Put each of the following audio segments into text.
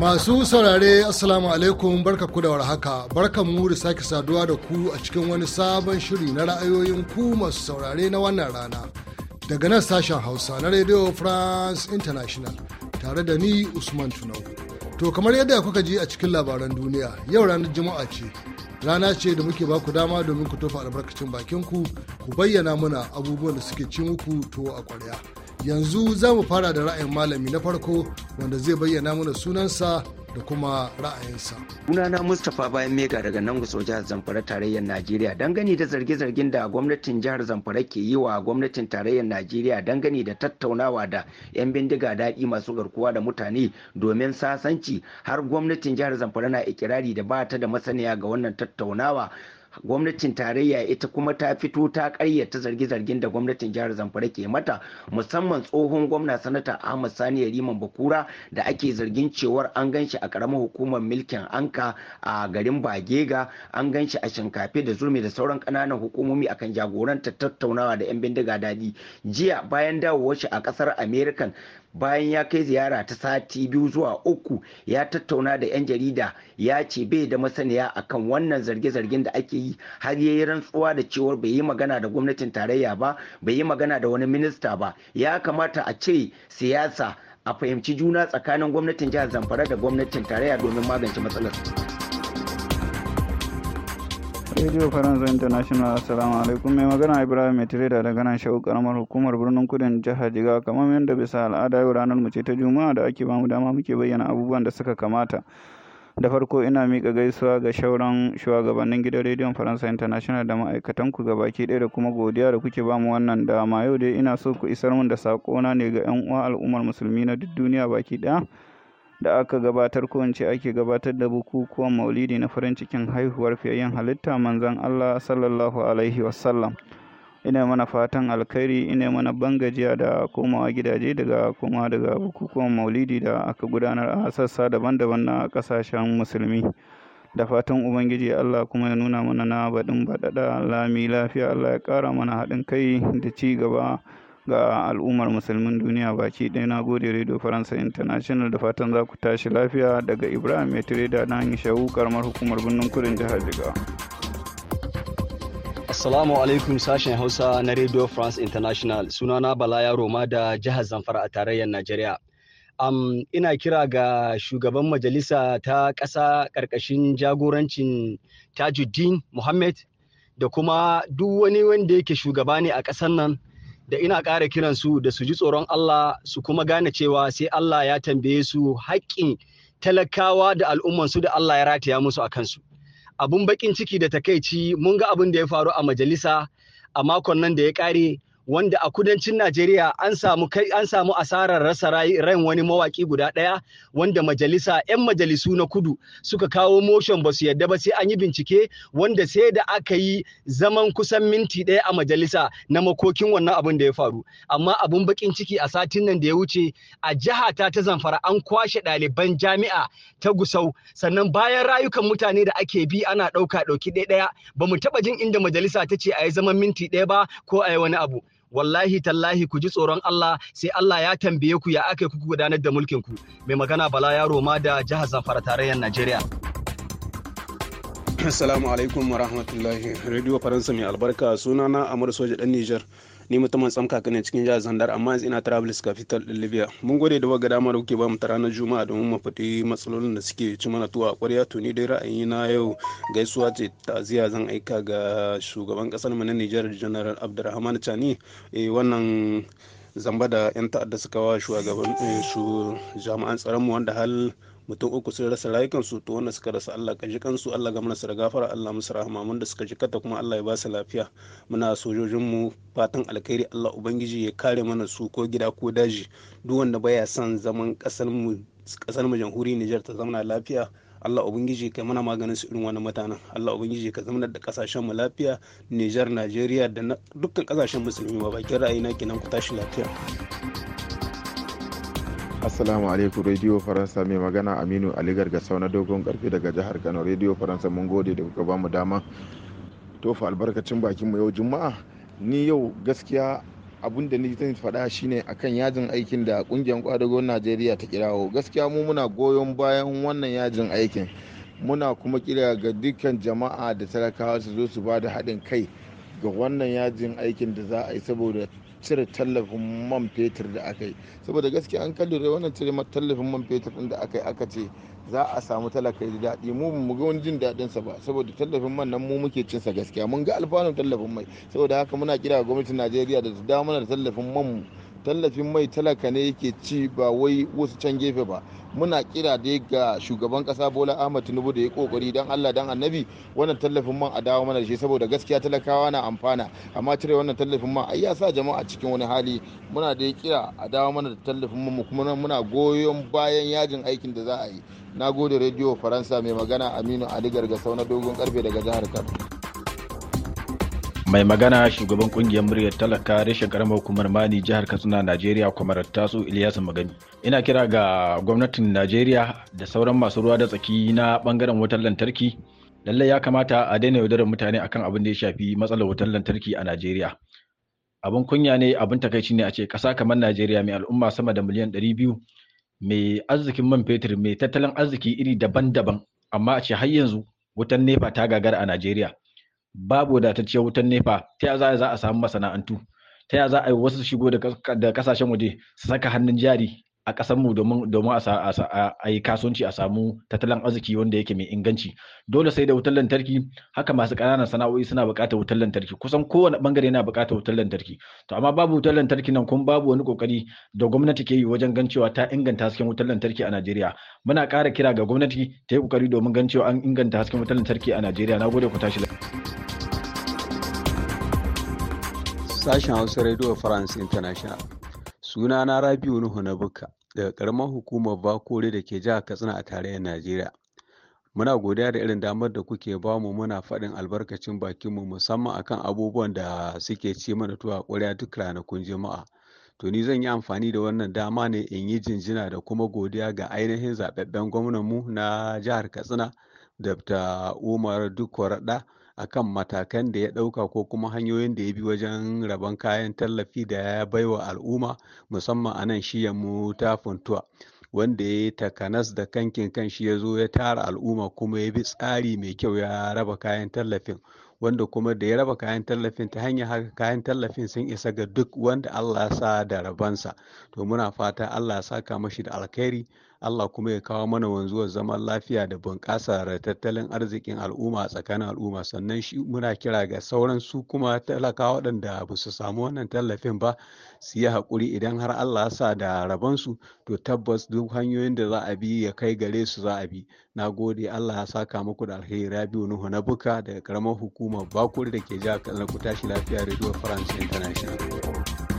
Masu saurare Assalamu alaikum barka ku da warhaka barka mu da sake saduwa da ku a cikin wani sabon shiri na ra'ayoyin ku masu saurare na wannan rana daga nan sashen Hausa na Radio France International tare da ni Usman Tunau. To kamar yadda kuka ji a cikin labaran duniya yau ranar Juma'a ce rana ce da muke baku dama domin ku tofa albarkacin bakin ku ku bayyana mana abubuwan da suke ci muku to a ƙwarya. yanzu za mu fara da ra'ayin malami na farko wanda zai bayyana mana sunansa da kuma ra'ayinsa. Sunana Mustapha bayan mega daga nan gusau jihar Zamfara tarayyar Najeriya dangane da zarge-zargen da gwamnatin jihar Zamfara ke yi wa gwamnatin tarayyar Najeriya dangane da tattaunawa da 'yan bindiga daɗi masu garkuwa da mutane domin sasanci har gwamnatin jihar Zamfara na ikirari da ba ta da masaniya ga wannan tattaunawa gwamnatin tarayya ita kuma ta fito ta karyata zargi-zargin da gwamnatin jihar zamfara ke mata musamman tsohon gwamna sanata ahmad sani yariman bakura da ake zargin cewar an ganshi a karamar hukumar milkin anka a garin bagega an ganshi a shinkafe da zurmi da sauran ƙananan hukumomi akan jagorantar tattaunawa da 'yan bindiga daɗi jiya bayan dawowar shi a ƙasar american bayan ya kai ziyara ta sati biyu zuwa uku ya tattauna da 'yan jarida ya ce bai da masaniya akan wannan zarge-zargen da ake yi har yayi rantsuwa da cewar bai yi magana da gwamnatin tarayya ba bai yi magana da wani minista ba ya kamata a ce siyasa a fahimci juna tsakanin gwamnatin jihar zamfara da gwamnatin tarayya domin magance matsalar Radio Faransa International Assalamu alaikum mai magana Ibrahim Metireda daga nan shagu karamar hukumar birnin kudin jihar jiga kamar yadda bisa al'ada yau ranar mu ce ta Juma'a da ake bamu dama muke bayyana abubuwan da suka kamata. Da farko ina mika gaisuwa ga shauran shugabannin gidan Radio Faransa International da ma'aikatan ku gabaki ɗaya da kuma godiya da kuke bamu wannan dama yau dai ina so ku isar mun da sakona ne ga 'yan uwa al'ummar musulmi na duk duniya baki ɗaya. da aka gabatar ko ake gabatar da bukukuwan maulidi na farin cikin haihuwar fiyayyen halitta manzan Allah sallallahu alaihi wasallam ina mana fatan alkhairi ina mana bangajiya da komawa gidaje daga koma daga bukukuwan maulidi da aka gudanar a sassa daban-daban na kasashen musulmi da fatan ubangiji allah kuma ya nuna mana na baɗin baɗaɗa lami lafiya allah ya ƙara mana haɗin kai da ci gaba ga al'ummar musulmin duniya baki ɗaya na gode radio faransa international da fatan za ku tashi lafiya daga ibrahim ya tire na hanyar shawu karamar hukumar birnin kudin jihar jigawa Assalamu alaikum sashen Hausa na Radio France International. Sunana Bala Yaro ma da jihar Zamfara a tarayyar Najeriya. Um, ina kira ga shugaban majalisa ta ƙasa ƙarƙashin jagorancin Tajuddin Muhammad da kuma duk wani wanda yake shugaba ne a ƙasar nan da ina ƙara kiran su da su ji tsoron Allah su kuma gane cewa sai Allah ya tambaye su haƙƙin talakawa da al'ummansu da Allah ya rataya musu a kansu. Abun baƙin ciki da takaici mun ga abin da ya faru a majalisa a makon nan da ya ƙare wanda a kudancin Najeriya an samu kai an samu asarar rasa ran wani mawaki guda ɗaya wanda majalisa 'yan majalisu na kudu suka kawo motion ba su yadda ba sai an yi bincike wanda sai da aka yi zaman kusan minti ɗaya a majalisa na makokin wannan abin da ya faru amma abun bakin ciki a satin nan da ya wuce a jiha ta ta zamfara an kwashe ɗaliban jami'a ta gusau sannan bayan rayukan mutane da ake bi ana ɗauka ɗauki ɗaya ba mu taɓa jin inda majalisa ta ce a yi zaman minti ɗaya ba ko a yi wani abu wallahi tallahi ku ji tsoron Allah sai Allah ya tambaye ku ya aka ku gudanar da mulkin ku mai magana Bala Yaro ma da jihar Zamfara tarayyar Najeriya Assalamu alaikum wa rahmatullahi Radio Faransa mai albarka sunana Amadu Soja dan Niger ni mutumin tsamka ne cikin jihar zandar amma yanzu ina travelers capital din libya mun gode da waga dama da kuke ba mu ta ranar juma'a domin mu faɗi matsalolin da suke ci mana tuwa ƙwarya to ni dai ra'ayi na yau gaisuwa ce ta'aziyya zan aika ga shugaban ƙasar mu na nijar general abdulrahman chani eh, wannan zamba da 'yan ta'adda suka wa shugaban eh, su jami'an mu wanda hal mutum uku sun rasa rayukansu to wanda suka rasa Allah ka ji kansu Allah ga mana gafara Allah musu rahama mun da suka ji kata kuma Allah ya ba su lafiya muna sojojin mu fatan alkhairi Allah ubangiji ya kare mana su ko gida ko daji duk wanda baya son zaman kasar mu kasar mu jamhuriyar Niger ta zama lafiya Allah Ubangiji kai muna maganin su irin wani mutanen Allah Ubangiji ka zama da kasashen mu lafiya Nijar Najeriya da dukkan kasashen musulmi ba bakin ra'ayi na kenan ku tashi lafiya Assalamu alaikum Radio Faransa mai magana Aminu Ali gargasa na dogon karfe daga jihar Kano Radio Faransa mun gode da kuka bamu dama tofa albarkacin bakin mu yau Juma'a ni yau gaskiya abun da ni zan faɗa shine akan yajin aikin da kungiyar kwadagon Najeriya ta kirawo gaskiya mu muna goyon bayan wannan yajin aikin muna kuma kira ga dukkan jama'a da talakawa su zo su ba da haɗin kai ga wannan yajin aikin da za a yi saboda cire tallafin man fetur da aka yi saboda gaskiya an kallure wannan cire tallafin man fetur din da aka yi aka ce za a samu talaka da daɗi mu mu ga wani jin daɗin sa ba saboda tallafin man nan mu muke cin sa gaskiya mun ga alfanun tallafin mai saboda haka muna kira gwamnatin Najeriya da su damuna da tallafin man mu tallafin mai talaka ne yake ci ba wai wasu can gefe ba muna kira dai ga shugaban kasa bola ahmad tinubu da ya kokari dan allah dan annabi wannan tallafin man a dawo mana shi saboda gaskiya talakawa na amfana amma cire wannan tallafin man ai ya sa jama'a cikin wani hali muna da kira a dawo mana da tallafin man kuma muna goyon bayan yajin aikin da za a yi na gode rediyo faransa mai magana aminu ali gargasau na dogon karfe daga jihar kano mai magana shugaban kungiyar muryar talaka reshen karamar hukumar jihar katsina najeriya kwamar taso ilyasu magani ina kira ga gwamnatin najeriya da sauran masu ruwa da tsaki na bangaren wutar lantarki lallai ya kamata a daina yaudarar mutane akan abin da ya shafi matsalar wutar lantarki a najeriya abin kunya ne abin takaici ne a ce ƙasa kamar najeriya mai al'umma sama da miliyan ɗari biyu mai arzikin man fetur mai tattalin arziki iri daban-daban amma a ce har yanzu wutan nefa ta gagara a najeriya babu wadatacciyar wutar nefa ta ya za a samu masana'antu ta ya za a yi wasu shigo da kasashen waje su saka hannun jari a ƙasar mu domin domin a yi kasuwanci a samu tattalin arziki wanda yake mai inganci dole sai da wutar lantarki haka masu ƙananan sana'o'i suna buƙatar wutar lantarki kusan kowane bangare yana buƙatar wutar lantarki to amma babu wutar lantarki nan kuma babu wani kokari da gwamnati ke yi wajen gan cewa ta inganta hasken wutar lantarki a Najeriya muna ƙara kira ga gwamnati ta yi kokari domin gan cewa an inganta hasken wutar lantarki a Najeriya nagode ku tashi Sashen Hausa Radio France International sunana Rabiu Nuhu na buka daga karamar hukumar bakore da ke jihar Katsina a tarayyar Najeriya. Muna godiya da irin damar da kuke ba mu muna faɗin albarkacin bakinmu musamman akan abubuwan da suke ci mana tuwa ƙwarya duk ranakun Juma'a. To ni zan yi amfani da wannan dama ne in yi jinjina da kuma godiya ga ainihin zaɓaɓɓen gwamnanmu na jihar Katsina, Dr. Umar dukwaraɗa akan matakan da ya ɗauka ko kuma hanyoyin da ya bi wajen rabon kayan tallafi da ya baiwa al'umma musamman a nan shi ya ta funtuwa wanda ya takanas da kankin kan shi ya zo ya tara al'umma kuma ya bi tsari mai kyau ya raba kayan tallafin wanda kuma da ya raba kayan tallafin ta hanyar haka kayan tallafin sun isa ga duk wanda Allah ya sa da rabansa to muna fata Allah ya saka mashi da alkhairi Allah kuma ya kawo mana wanzuwar zaman lafiya da bunƙasa da tattalin arzikin al'umma a tsakanin al'umma sannan shi muna kira ga sauran su kuma talakawa waɗanda ba su samu wannan tallafin ba su yi haƙuri idan har Allah ya sa da su to tabbas duk hanyoyin da za a bi ya kai gare su za a bi na gode Allah ya saka muku da alheri Rabiu Nuhu na buka daga karamar hukumar Bakuri da ke jihar Kano ku tashi lafiya Radio France International.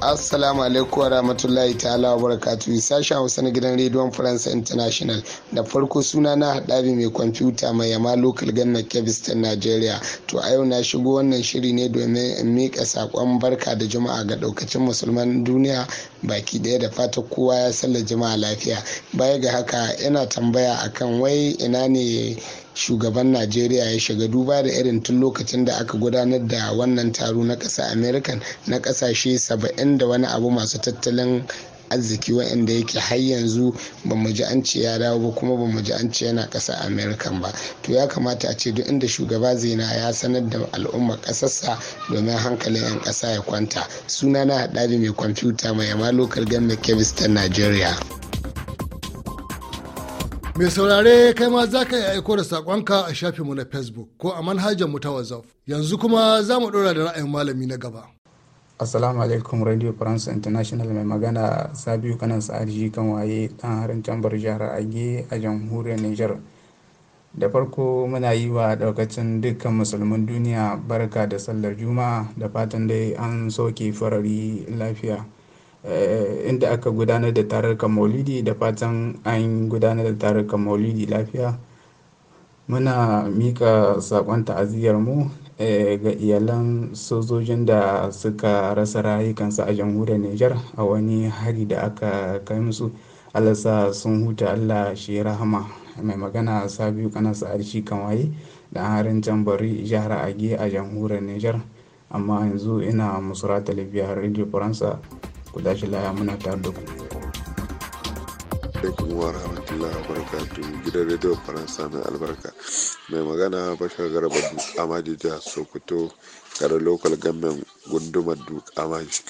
assalamu alaikum wa rahmatullahi ta'ala wa barakatu sashen hausa na gidan rediyon faransa international da farko suna na haɗari mai kwamfuta mai yama local ganna kebistan nigeria to a yau na shigo wannan shiri ne domin in miƙa saƙon barka da juma'a ga ɗaukacin musulman duniya baki daya da fata kowa ya salla jima'a lafiya baya ga haka yana tambaya akan wai ina ne shugaban najeriya ya shiga duba da irin tun lokacin da aka gudanar da wannan taro na ƙasa american na ƙasashe saba'in da wani abu masu tattalin arziki wa'anda yake har yanzu ba mu ji an ce ya dawo ba kuma ba mu ji an ce yana ƙasa america ba to ya kamata a ce duk inda shugaba na ya sanar da al'ummar ƙasarsa domin hankalin 'yan ƙasa ya kwanta suna na haɗari mai kwamfuta mai yama lokal gannan ta nigeria mai saurare kai ma za ka yi aiko da saƙonka a shafinmu na facebook ko a manhajar mu ta whatsapp yanzu kuma za mu ɗora da ra'ayin malami na gaba Assalamu alaikum Radio France International mai magana Sabiu Kanan Sa'adji kan waye dan harin tambar jihar Age a jamhuriyar niger Da farko muna yi wa daukacin dukkan musulmin duniya barka da sallar juma'a da fatan dai an soke farari lafiya. Eh, inda aka gudanar da tarurrukan maulidi da fatan an gudanar da tarurrukan maulidi lafiya. Muna mika saƙon ta'aziyar mu Eh, ga iyalan sojojin da suka rasa rayukansu a jamhuriyar Nijar a wani hari da aka kai musu. alasa sun huta Allah shi rahama mai magana Sabiu Kanan Sa'ad shi kamaye da harin bari jihar Age a jamhuriyar Nijar amma yanzu ina Musrata Libya Radio Faransa ku dashi laya muna tare da ku. alaikum wa rahmatullahi wa barakatu gidan radio faransa mai albarka mai magana bashar garba duk amaji jihar sokoto garin local government gundumar duk amaji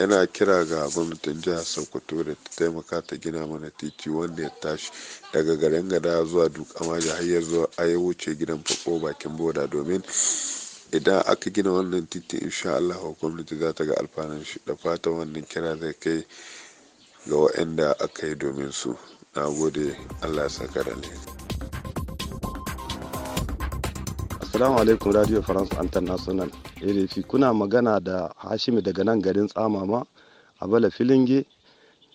yana kira ga gwamnatin jihar sokoto da ta taimaka ta gina mana titi wanda ya tashi daga garin gada zuwa duk amaji har ya a a wuce gidan fako bakin boda domin idan aka gina wannan titi insha allah gwamnati za ta ga alfanun shi da fata wannan kira zai kai ga waɗanda aka yi domin su na gode allah saka da assalamu alaikum radio france international irifi eh, kuna magana da hashimi daga nan garin tsamama a bala filinge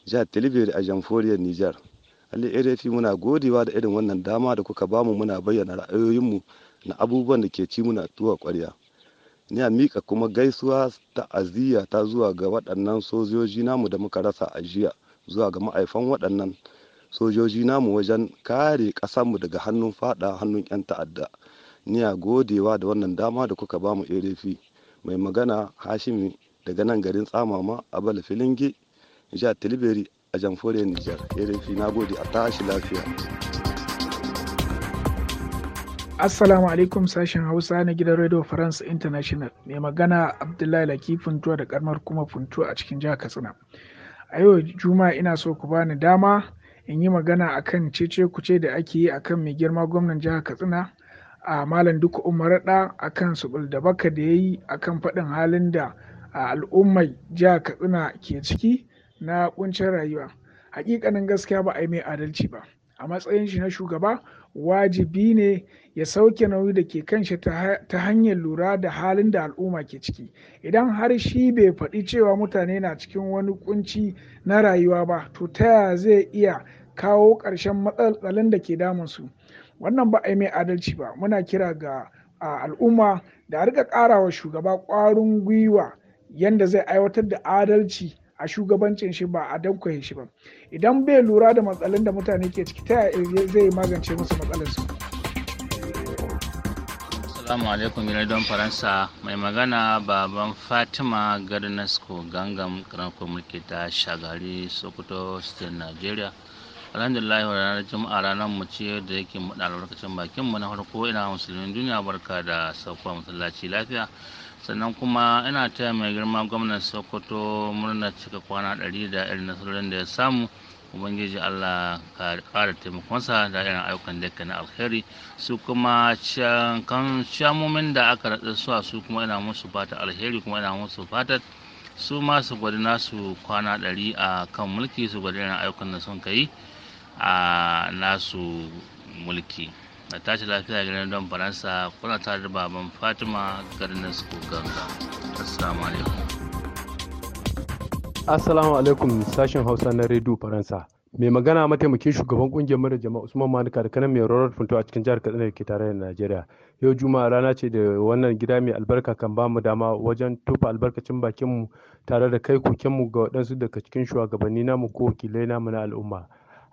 jihar talibiyar a jamforiyar niger alli irifi eh, muna godewa da irin wannan dama da kuka bamu muna bayyana ra'ayoyinmu na abubuwan da ke ci muna tuwa kwarya a miƙa kuma gaisuwa ta'aziyya ta zuwa ga waɗannan sojoji namu da muka rasa a jiya zuwa ga ma'aifan waɗannan sojoji namu wajen kare ƙasarmu daga hannun fada hannun 'yan ta'adda niya godewa da wannan dama da kuka ba mu arp mai magana hashimi daga nan garin tsamama a bala filinge ja tilibiri a jamforiyar nijar arp na gode a tashi lafiya Assalamu alaikum sashen Hausa na gidan Radio France International. Mai magana Abdullahi lakifin tuwa da karmar kuma Funtuwa a cikin jihar Katsina. A yau Juma'a ina so ku bani dama in yi magana akan cece-kuce da ake yi akan mai girma gwamnan jihar Katsina a Malam Dukku Umaruɗa akan subul da baka da ya yi akan faɗin halin da al'ummai jihar Katsina ke ciki na ƙuncin rayuwa. Hakikanin gaskiya ba a yi mai adalci ba. A matsayin shi na shugaba wajibi ne ya sauke nauyi da ke kanshi ta hanyar lura da halin da al'umma ke ciki idan har shi bai faɗi cewa mutane na cikin wani kunci na rayuwa ba to ta yaya zai iya kawo ƙarshen matsalolin da ke su. wannan ba a yi mai adalci ba muna kira ga al'umma da a riƙa ƙarawa shugaba ƙwarin gwiwa yadda zai aiwatar da adalci a shugabancin shi ba a dankwaye shi ba idan bai lura da matsalin da mutane ke ciki ta yaya zai magance musu matsalar su Assalamu alaikum don Faransa mai magana baban Fatima Garnasko gangan karamar mulki ta shagari Sokoto State Nigeria alhamdulillah wa ranar juma'a ranar mu ce da yake mu da albarkacin bakin mu na farko ina musulmin duniya barka da sauka masallaci lafiya sannan kuma ina taya mai girma gwamnan sokoto murna cika kwana ɗari da irin nasarorin da ya samu ubangiji allah ka ƙara taimakonsa da irin ayyukan da na alheri su kuma kan shamomin da aka raɗa su a su kuma ina musu fata alheri kuma ina musu fatar su ma su gwada nasu kwana ɗari a kan mulki su gwada irin ayyukan da sun ka a nasu mulki da tashi lafiya garin don faransa kuna tare da baban fatima garin ko ganga assalamu alaikum assalamu alaikum sashen hausa na rediyo faransa mai magana mataimakin shugaban kungiyar mara jama'a usman manuka da kanan mai rawar funto a cikin jihar katsina da ke tare da najeriya yau juma'a rana ce da wannan gida mai albarka kan ba mu dama wajen tufa albarkacin bakinmu tare da kai kokenmu ga waɗansu daga cikin shugabanni namu ko wakilai namu na al'umma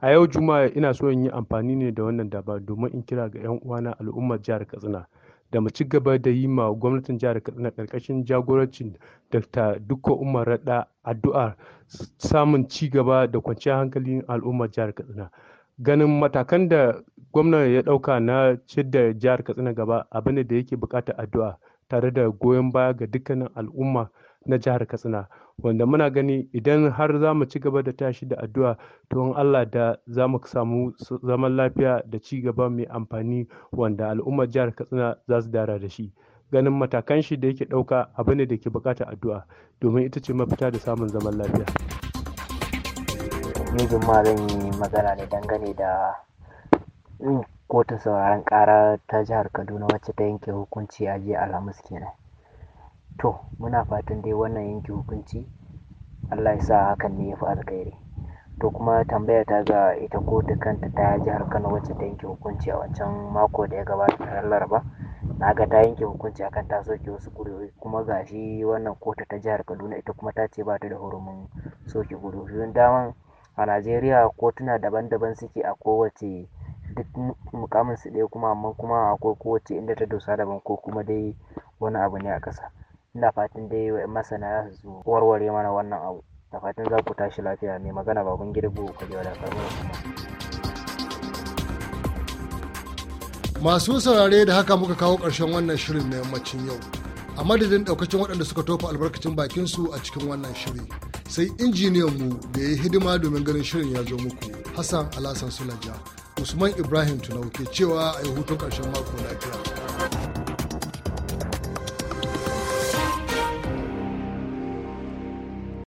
A yau Juma'a ina so in yi amfani ne da wannan daba domin in kira ga 'yan uwana al'ummar jihar Katsina da mu ci gaba da yi ma gwamnatin jihar Katsina ƙarƙashin jagorancin Dr. dukko Umar Raɗa addu'a samun ci gaba da kwanciyar hankalin al'ummar jihar Katsina. Ganin matakan da gwamna ya ɗauka na da jihar Katsina gaba abu ne da yake bukata addu'a tare da goyon baya ga dukkanin al'umma na jihar katsina wanda muna gani idan har za mu ci gaba da tashi da addu'a to in allah da za mu samu zaman lafiya da ci gaba mai amfani wanda al'ummar jihar katsina za su dara da shi ganin matakan shi da yake ɗauka abu ne da ke buƙatar addu'a domin ita ce mafita da samun zaman lafiya. mijin ma zan yi magana ne dangane da kotun sauraron ƙara ta jihar kaduna wacce ta yanke hukunci a jiya alhamis kenan To muna fatan dai wannan yanke hukunci Allah ya sa hakan ne ya fi alkhairi. To kuma tambaya ta ga ita kotu kanta ta jihar Kano wacce ta yanke hukunci a wancan mako da ya gabata ranar Laraba. Na ga ta yanke hukunci akan ta soke wasu ƙuri'o'i kuma ga shi wannan kotu ta jihar Kaduna ita kuma ta ce ba ta da hurumin soke ƙuri'o'in daman a Najeriya kotuna daban-daban suke a kowace duk mukamin su ɗaya kuma amma kuma akwai kowace inda ta dosa daban ko kuma dai wani abu ne a ƙasa. ina fatan dai masana za su warware mana wannan abu da fatan za ku tashi lafiya mai magana baban girbo kwalewa da kuma. masu saurare da haka muka kawo ƙarshen wannan shirin na yammacin yau a madadin ɗaukacin waɗanda suka tofa albarkacin bakin su a cikin wannan shiri sai injiniyan mu da ya yi hidima domin ganin shirin ya zo muku hassan alasan sulaja usman ibrahim tunau ke cewa a yi hutun ƙarshen mako lafiya